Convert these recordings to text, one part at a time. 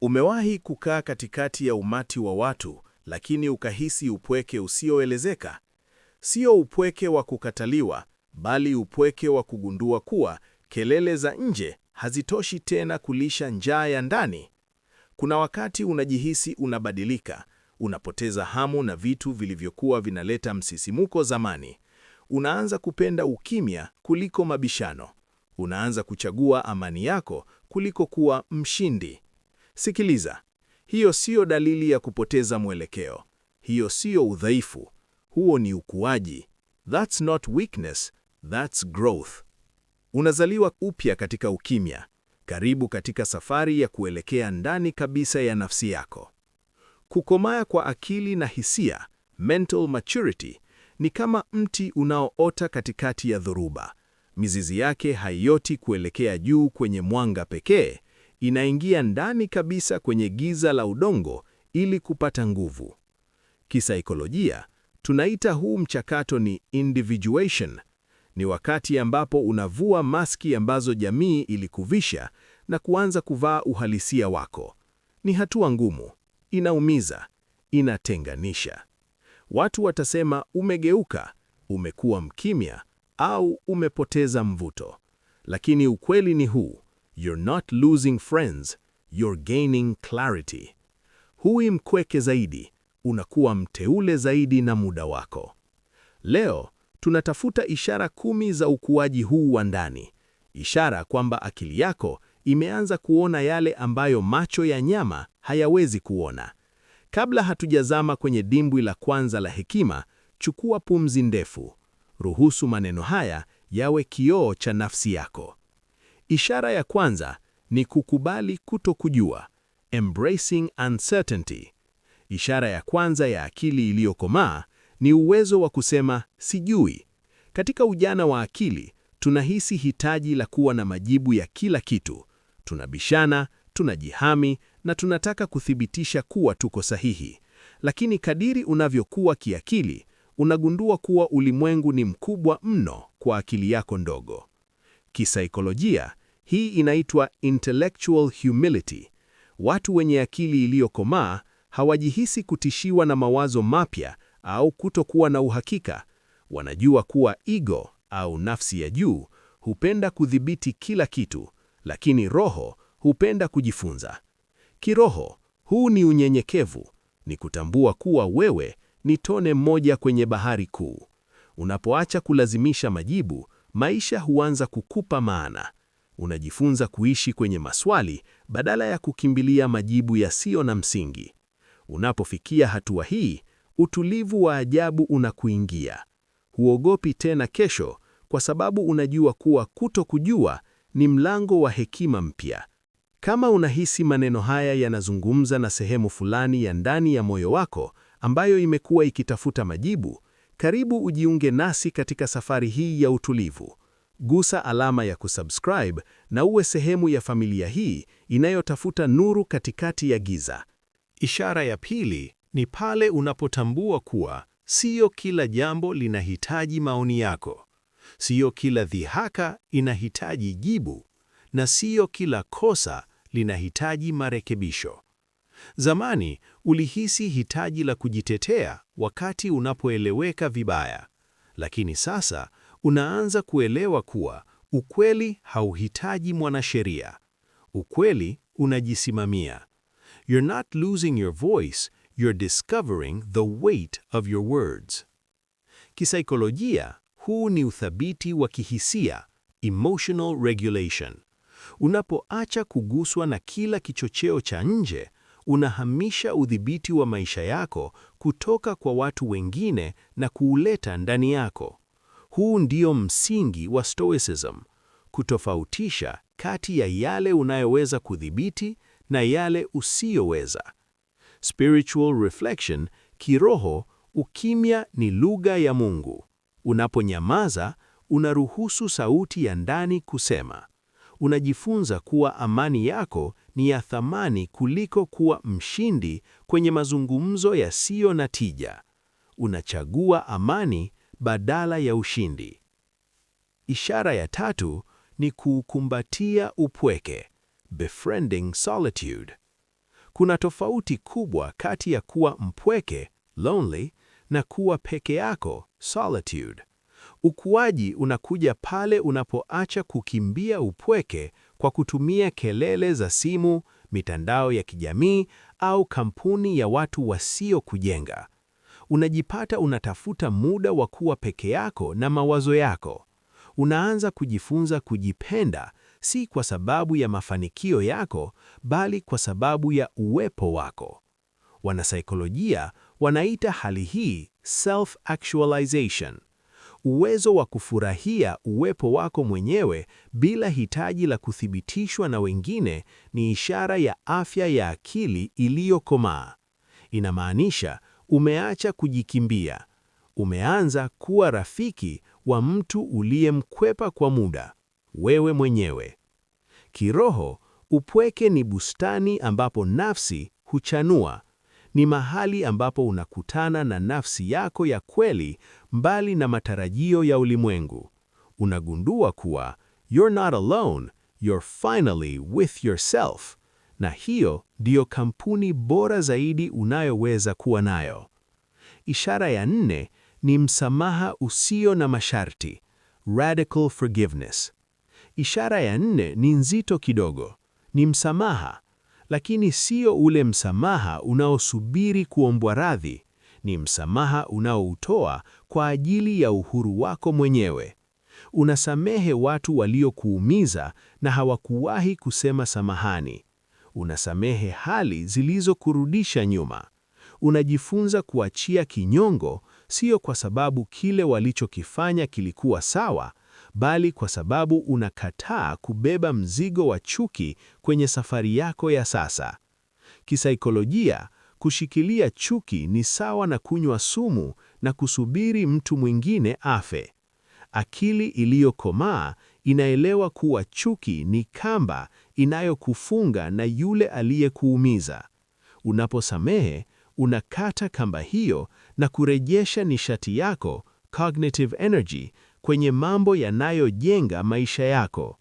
Umewahi kukaa katikati ya umati wa watu lakini ukahisi upweke usioelezeka? Sio upweke wa kukataliwa, bali upweke wa kugundua kuwa kelele za nje hazitoshi tena kulisha njaa ya ndani. Kuna wakati unajihisi unabadilika, unapoteza hamu na vitu vilivyokuwa vinaleta msisimuko zamani. Unaanza kupenda ukimya kuliko mabishano. Unaanza kuchagua amani yako kuliko kuwa mshindi. Sikiliza, hiyo siyo dalili ya kupoteza mwelekeo. Hiyo siyo udhaifu, huo ni ukuaji. That's not weakness, that's growth. Unazaliwa upya katika ukimya, karibu katika safari ya kuelekea ndani kabisa ya nafsi yako. Kukomaa kwa akili na hisia, mental maturity, ni kama mti unaoota katikati ya dhoruba. Mizizi yake haioti kuelekea juu kwenye mwanga pekee, inaingia ndani kabisa kwenye giza la udongo ili kupata nguvu. Kisaikolojia, tunaita huu mchakato ni individuation. Ni wakati ambapo unavua maski ambazo jamii ilikuvisha na kuanza kuvaa uhalisia wako. Ni hatua ngumu, inaumiza, inatenganisha. Watu watasema umegeuka, umekuwa mkimya au umepoteza mvuto. Lakini ukweli ni huu. You're not losing friends, you're gaining clarity. Hui mkweke zaidi, unakuwa mteule zaidi na muda wako. Leo tunatafuta ishara kumi za ukuaji huu wa ndani, ishara kwamba akili yako imeanza kuona yale ambayo macho ya nyama hayawezi kuona. Kabla hatujazama kwenye dimbwi la kwanza la hekima, chukua pumzi ndefu. Ruhusu maneno haya yawe kioo cha nafsi yako. Ishara ya kwanza ni kukubali kutokujua, embracing uncertainty. Ishara ya kwanza ya akili iliyokomaa ni uwezo wa kusema sijui. Katika ujana wa akili, tunahisi hitaji la kuwa na majibu ya kila kitu. Tunabishana, tunajihami na tunataka kuthibitisha kuwa tuko sahihi. Lakini kadiri unavyokuwa kiakili, unagundua kuwa ulimwengu ni mkubwa mno kwa akili yako ndogo. Kisaikolojia, hii inaitwa intellectual humility. Watu wenye akili iliyokomaa hawajihisi kutishiwa na mawazo mapya au kutokuwa na uhakika. Wanajua kuwa ego au nafsi ya juu hupenda kudhibiti kila kitu, lakini roho hupenda kujifunza. Kiroho, huu ni unyenyekevu, ni kutambua kuwa wewe ni tone moja kwenye bahari kuu. Unapoacha kulazimisha majibu, maisha huanza kukupa maana. Unajifunza kuishi kwenye maswali badala ya kukimbilia majibu yasiyo na msingi. Unapofikia hatua hii, utulivu wa ajabu unakuingia. Huogopi tena kesho kwa sababu unajua kuwa kutokujua ni mlango wa hekima mpya. Kama unahisi maneno haya yanazungumza na sehemu fulani ya ndani ya moyo wako ambayo imekuwa ikitafuta majibu, karibu ujiunge nasi katika safari hii ya utulivu. Gusa alama ya kusubscribe na uwe sehemu ya familia hii inayotafuta nuru katikati ya giza. Ishara ya pili ni pale unapotambua kuwa siyo kila jambo linahitaji maoni yako. Siyo kila dhihaka inahitaji jibu na siyo kila kosa linahitaji marekebisho. Zamani ulihisi hitaji la kujitetea wakati unapoeleweka vibaya, lakini sasa unaanza kuelewa kuwa ukweli hauhitaji mwanasheria. Ukweli unajisimamia. You're not losing your voice, you're discovering the weight of your words. Kisaikolojia, huu ni uthabiti wa kihisia, emotional regulation. Unapoacha kuguswa na kila kichocheo cha nje unahamisha udhibiti wa maisha yako kutoka kwa watu wengine na kuuleta ndani yako. Huu ndio msingi wa Stoicism, kutofautisha kati ya yale unayoweza kudhibiti na yale usiyoweza. Spiritual reflection, kiroho, ukimya ni lugha ya Mungu. Unaponyamaza, unaruhusu sauti ya ndani kusema. Unajifunza kuwa amani yako ni ya thamani kuliko kuwa mshindi kwenye mazungumzo yasiyo na tija. Unachagua amani badala ya ushindi. Ishara ya tatu ni kuukumbatia upweke, befriending solitude. Kuna tofauti kubwa kati ya kuwa mpweke, lonely, na kuwa peke yako, solitude. Ukuaji unakuja pale unapoacha kukimbia upweke kwa kutumia kelele za simu, mitandao ya kijamii au kampuni ya watu wasiokujenga. Unajipata unatafuta muda wa kuwa peke yako na mawazo yako. Unaanza kujifunza kujipenda, si kwa sababu ya mafanikio yako, bali kwa sababu ya uwepo wako. Wanasaikolojia wanaita hali hii self-actualization uwezo wa kufurahia uwepo wako mwenyewe bila hitaji la kuthibitishwa na wengine ni ishara ya afya ya akili iliyokomaa. Inamaanisha umeacha kujikimbia, umeanza kuwa rafiki wa mtu uliyemkwepa kwa muda, wewe mwenyewe. Kiroho, upweke ni bustani ambapo nafsi huchanua. Ni mahali ambapo unakutana na nafsi yako ya kweli mbali na matarajio ya ulimwengu. Unagundua kuwa you're not alone, you're finally with yourself, na hiyo ndiyo kampuni bora zaidi unayoweza kuwa nayo. Ishara ya nne ni msamaha usio na masharti, radical forgiveness. Ishara ya nne ni nzito kidogo, ni msamaha, lakini sio ule msamaha unaosubiri kuombwa radhi. Ni msamaha unaoutoa kwa ajili ya uhuru wako mwenyewe. Unasamehe watu waliokuumiza na hawakuwahi kusema samahani. Unasamehe hali zilizokurudisha nyuma. Unajifunza kuachia kinyongo, sio kwa sababu kile walichokifanya kilikuwa sawa, bali kwa sababu unakataa kubeba mzigo wa chuki kwenye safari yako ya sasa. Kisaikolojia, kushikilia chuki ni sawa na kunywa sumu na kusubiri mtu mwingine afe. Akili iliyokomaa inaelewa kuwa chuki ni kamba inayokufunga na yule aliyekuumiza. Unaposamehe, unakata kamba hiyo na kurejesha nishati yako, cognitive energy, kwenye mambo yanayojenga maisha yako.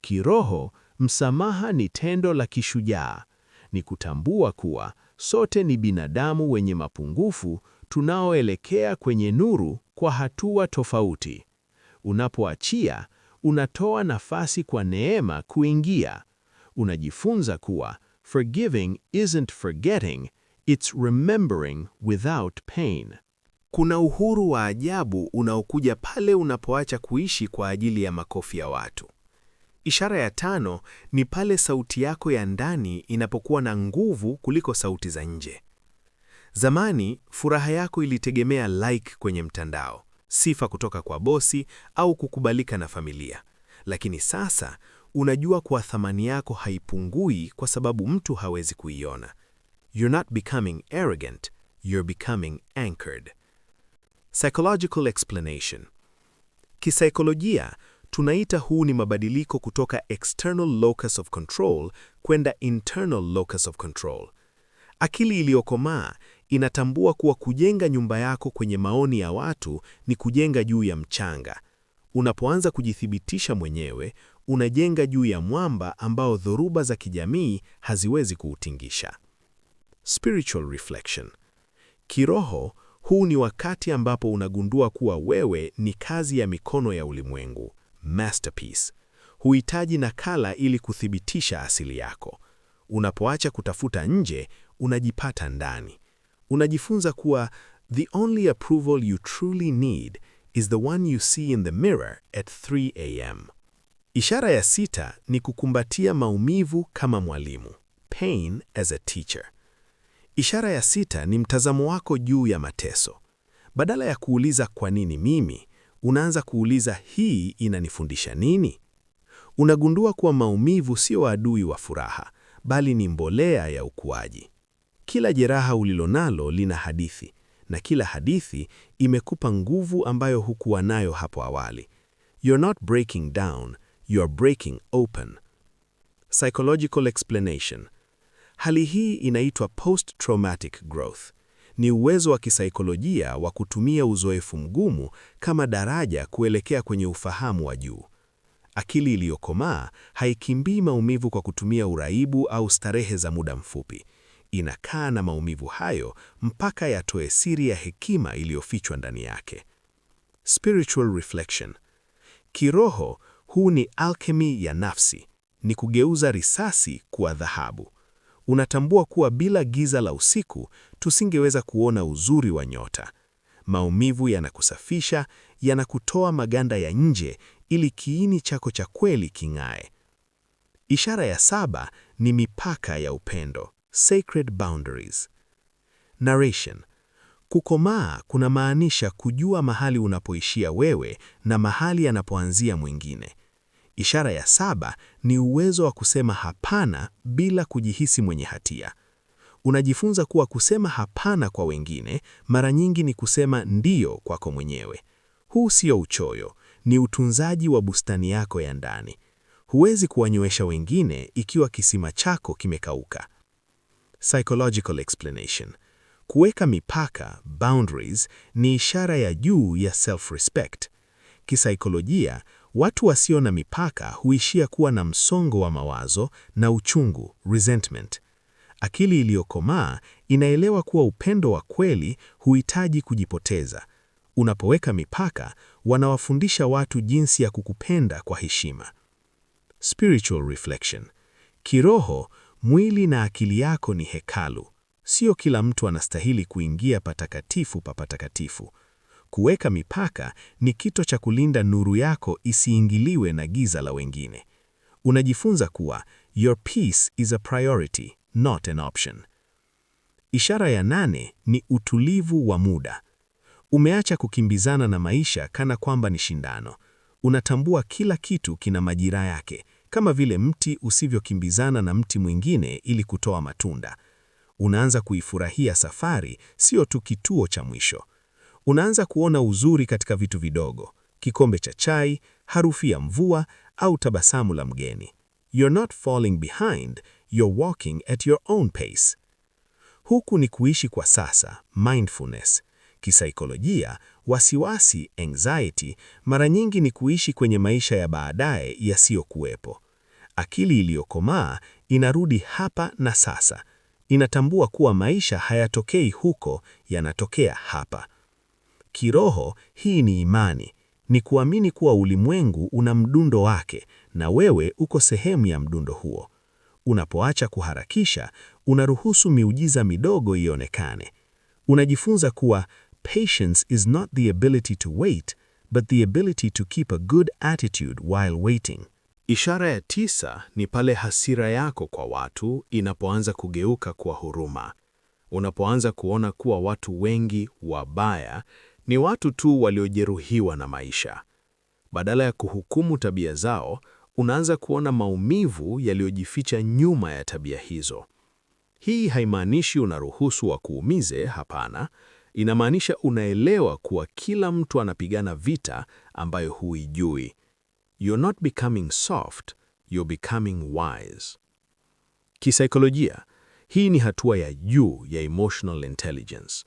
Kiroho, msamaha ni tendo la kishujaa. Ni kutambua kuwa sote ni binadamu wenye mapungufu tunaoelekea kwenye nuru kwa hatua tofauti. Unapoachia, unatoa nafasi kwa neema kuingia. Unajifunza kuwa forgiving isn't forgetting, it's remembering without pain. Kuna uhuru wa ajabu unaokuja pale unapoacha kuishi kwa ajili ya makofi ya watu. Ishara ya tano ni pale sauti yako ya ndani inapokuwa na nguvu kuliko sauti za nje. Zamani furaha yako ilitegemea like kwenye mtandao, sifa kutoka kwa bosi au kukubalika na familia. Lakini sasa unajua kuwa thamani yako haipungui kwa sababu mtu hawezi kuiona. You're not becoming arrogant, you're becoming anchored. Psychological explanation. Kisaikolojia tunaita huu ni mabadiliko kutoka external locus of control kwenda internal locus of control. Akili iliyokomaa inatambua kuwa kujenga nyumba yako kwenye maoni ya watu ni kujenga juu ya mchanga. Unapoanza kujithibitisha mwenyewe, unajenga juu ya mwamba ambao dhoruba za kijamii haziwezi kuutingisha. Spiritual reflection. Kiroho, huu ni wakati ambapo unagundua kuwa wewe ni kazi ya mikono ya ulimwengu, masterpiece. Huhitaji nakala ili kuthibitisha asili yako. Unapoacha kutafuta nje, unajipata ndani unajifunza kuwa the only approval you truly need is the one you see in the mirror at 3 am. Ishara ya sita ni kukumbatia maumivu kama mwalimu, pain as a teacher. Ishara ya sita ni mtazamo wako juu ya mateso. Badala ya kuuliza kwa nini mimi, unaanza kuuliza hii inanifundisha nini? Unagundua kuwa maumivu sio adui wa furaha, bali ni mbolea ya ukuaji. Kila jeraha ulilonalo lina hadithi, na kila hadithi imekupa nguvu ambayo hukuwa nayo hapo awali. You're not breaking down, you're breaking open. Psychological explanation. Hali hii inaitwa post-traumatic growth. Ni uwezo wa kisaikolojia wa kutumia uzoefu mgumu kama daraja kuelekea kwenye ufahamu wa juu. Akili iliyokomaa haikimbii maumivu kwa kutumia uraibu au starehe za muda mfupi inakaa na maumivu hayo mpaka yatoe siri ya hekima iliyofichwa ndani yake. Spiritual reflection. Kiroho, huu ni alchemy ya nafsi, ni kugeuza risasi kuwa dhahabu. Unatambua kuwa bila giza la usiku tusingeweza kuona uzuri wa nyota. Maumivu yanakusafisha, yanakutoa maganda ya nje ili kiini chako cha kweli king'ae. Ishara ya saba ni mipaka ya upendo. Sacred Boundaries. Narration: kukomaa kunamaanisha kujua mahali unapoishia wewe na mahali yanapoanzia mwingine. Ishara ya saba ni uwezo wa kusema hapana bila kujihisi mwenye hatia. Unajifunza kuwa kusema hapana kwa wengine mara nyingi ni kusema ndiyo kwako mwenyewe. Huu sio uchoyo, ni utunzaji wa bustani yako ya ndani. Huwezi kuwanywesha wengine ikiwa kisima chako kimekauka. Psychological explanation. Kuweka mipaka boundaries ni ishara ya juu ya self-respect. Kisaikolojia, watu wasio na mipaka huishia kuwa na msongo wa mawazo na uchungu resentment. Akili iliyokomaa inaelewa kuwa upendo wa kweli huhitaji kujipoteza. Unapoweka mipaka, wanawafundisha watu jinsi ya kukupenda kwa heshima. Spiritual reflection. Kiroho, Mwili na akili yako ni hekalu. Sio kila mtu anastahili kuingia patakatifu pa patakatifu. Kuweka mipaka ni kito cha kulinda nuru yako isiingiliwe na giza la wengine. Unajifunza kuwa your peace is a priority, not an option. Ishara ya nane ni utulivu wa muda. Umeacha kukimbizana na maisha kana kwamba ni shindano. Unatambua kila kitu kina majira yake kama vile mti usivyokimbizana na mti mwingine ili kutoa matunda. Unaanza kuifurahia safari, sio tu kituo cha mwisho. Unaanza kuona uzuri katika vitu vidogo, kikombe cha chai, harufu ya mvua au tabasamu la mgeni. You're not falling behind, you're walking at your own pace. Huku ni kuishi kwa sasa, mindfulness. Kisaikolojia, wasiwasi anxiety mara nyingi ni kuishi kwenye maisha ya baadaye yasiyokuwepo. Akili iliyokomaa inarudi hapa na sasa, inatambua kuwa maisha hayatokei huko, yanatokea hapa. Kiroho, hii ni imani, ni kuamini kuwa ulimwengu una mdundo wake na wewe uko sehemu ya mdundo huo. Unapoacha kuharakisha, unaruhusu miujiza midogo ionekane. Unajifunza kuwa Patience is not the ability to wait, but the ability to keep a good attitude while waiting. Ishara ya tisa ni pale hasira yako kwa watu inapoanza kugeuka kwa huruma. Unapoanza kuona kuwa watu wengi wabaya ni watu tu waliojeruhiwa na maisha. Badala ya kuhukumu tabia zao, unaanza kuona maumivu yaliyojificha nyuma ya tabia hizo. Hii haimaanishi unaruhusu wa kuumize, hapana, inamaanisha unaelewa kuwa kila mtu anapigana vita ambayo huijui. You're not becoming soft, you're becoming wise. Kisaikolojia, hii ni hatua ya juu ya emotional intelligence.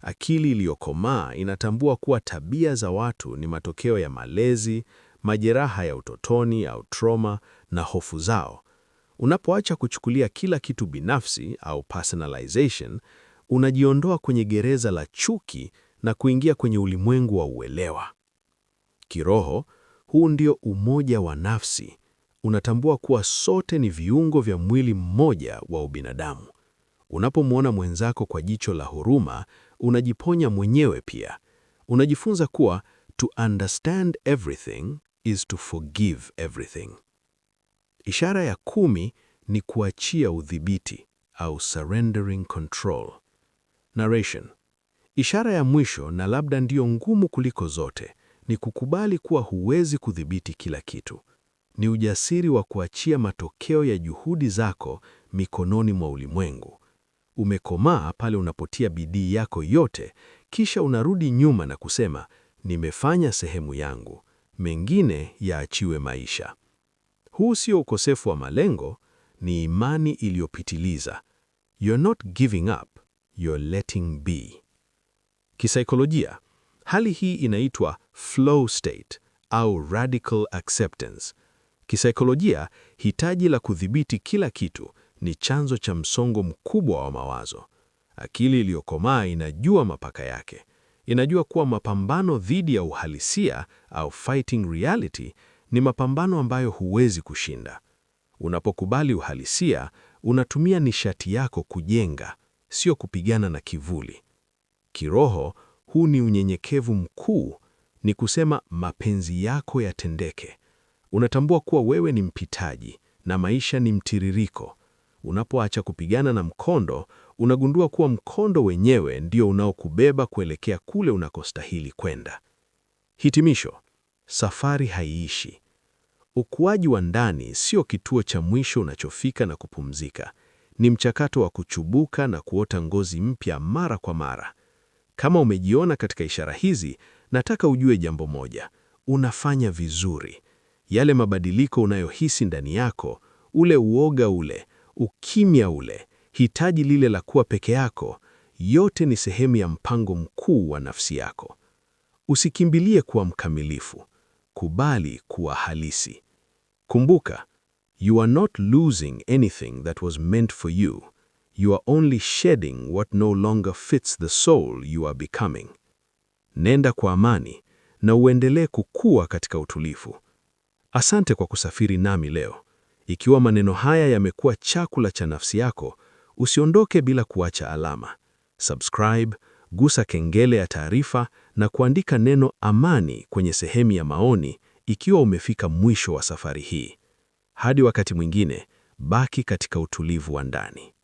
Akili iliyokomaa inatambua kuwa tabia za watu ni matokeo ya malezi, majeraha ya utotoni au trauma na hofu zao. Unapoacha kuchukulia kila kitu binafsi au personalization, unajiondoa kwenye gereza la chuki na kuingia kwenye ulimwengu wa uelewa. Kiroho, huu ndio umoja wa nafsi. Unatambua kuwa sote ni viungo vya mwili mmoja wa ubinadamu. Unapomwona mwenzako kwa jicho la huruma, unajiponya mwenyewe pia. Unajifunza kuwa to understand everything is to forgive everything. Ishara ya kumi ni kuachia udhibiti au surrendering control. Narration. Ishara ya mwisho na labda ndiyo ngumu kuliko zote ni kukubali kuwa huwezi kudhibiti kila kitu. Ni ujasiri wa kuachia matokeo ya juhudi zako mikononi mwa ulimwengu. Umekomaa pale unapotia bidii yako yote, kisha unarudi nyuma na kusema, nimefanya sehemu yangu, mengine yaachiwe maisha. Huu sio ukosefu wa malengo, ni imani iliyopitiliza. You're not giving up, you're letting be. Kisaikolojia, hali hii inaitwa flow state au radical acceptance. Kisaikolojia, hitaji la kudhibiti kila kitu ni chanzo cha msongo mkubwa wa mawazo. Akili iliyokomaa inajua mapaka yake. Inajua kuwa mapambano dhidi ya uhalisia au fighting reality ni mapambano ambayo huwezi kushinda. Unapokubali uhalisia, unatumia nishati yako kujenga, sio kupigana na kivuli. Kiroho, huu ni unyenyekevu mkuu, ni kusema mapenzi yako yatendeke. Unatambua kuwa wewe ni mpitaji na maisha ni mtiririko. Unapoacha kupigana na mkondo, unagundua kuwa mkondo wenyewe ndio unaokubeba kuelekea kule unakostahili kwenda. Hitimisho, safari haiishi. Ukuaji wa ndani sio kituo cha mwisho unachofika na kupumzika. Ni mchakato wa kuchubuka na kuota ngozi mpya mara kwa mara. Kama umejiona katika ishara hizi, nataka ujue jambo moja: unafanya vizuri. Yale mabadiliko unayohisi ndani yako, ule uoga ule, ukimya ule, hitaji lile la kuwa peke yako, yote ni sehemu ya mpango mkuu wa nafsi yako. Usikimbilie kuwa mkamilifu, kubali kuwa halisi. Kumbuka, You are not losing anything that was meant for you. You are only shedding what no longer fits the soul you are becoming. Nenda kwa amani na uendelee kukua katika utulifu Asante kwa kusafiri nami leo. Ikiwa maneno haya yamekuwa chakula cha nafsi yako, usiondoke bila kuacha alama. Subscribe, gusa kengele ya taarifa na kuandika neno amani kwenye sehemu ya maoni ikiwa umefika mwisho wa safari hii. Hadi wakati mwingine, baki katika utulivu wa ndani.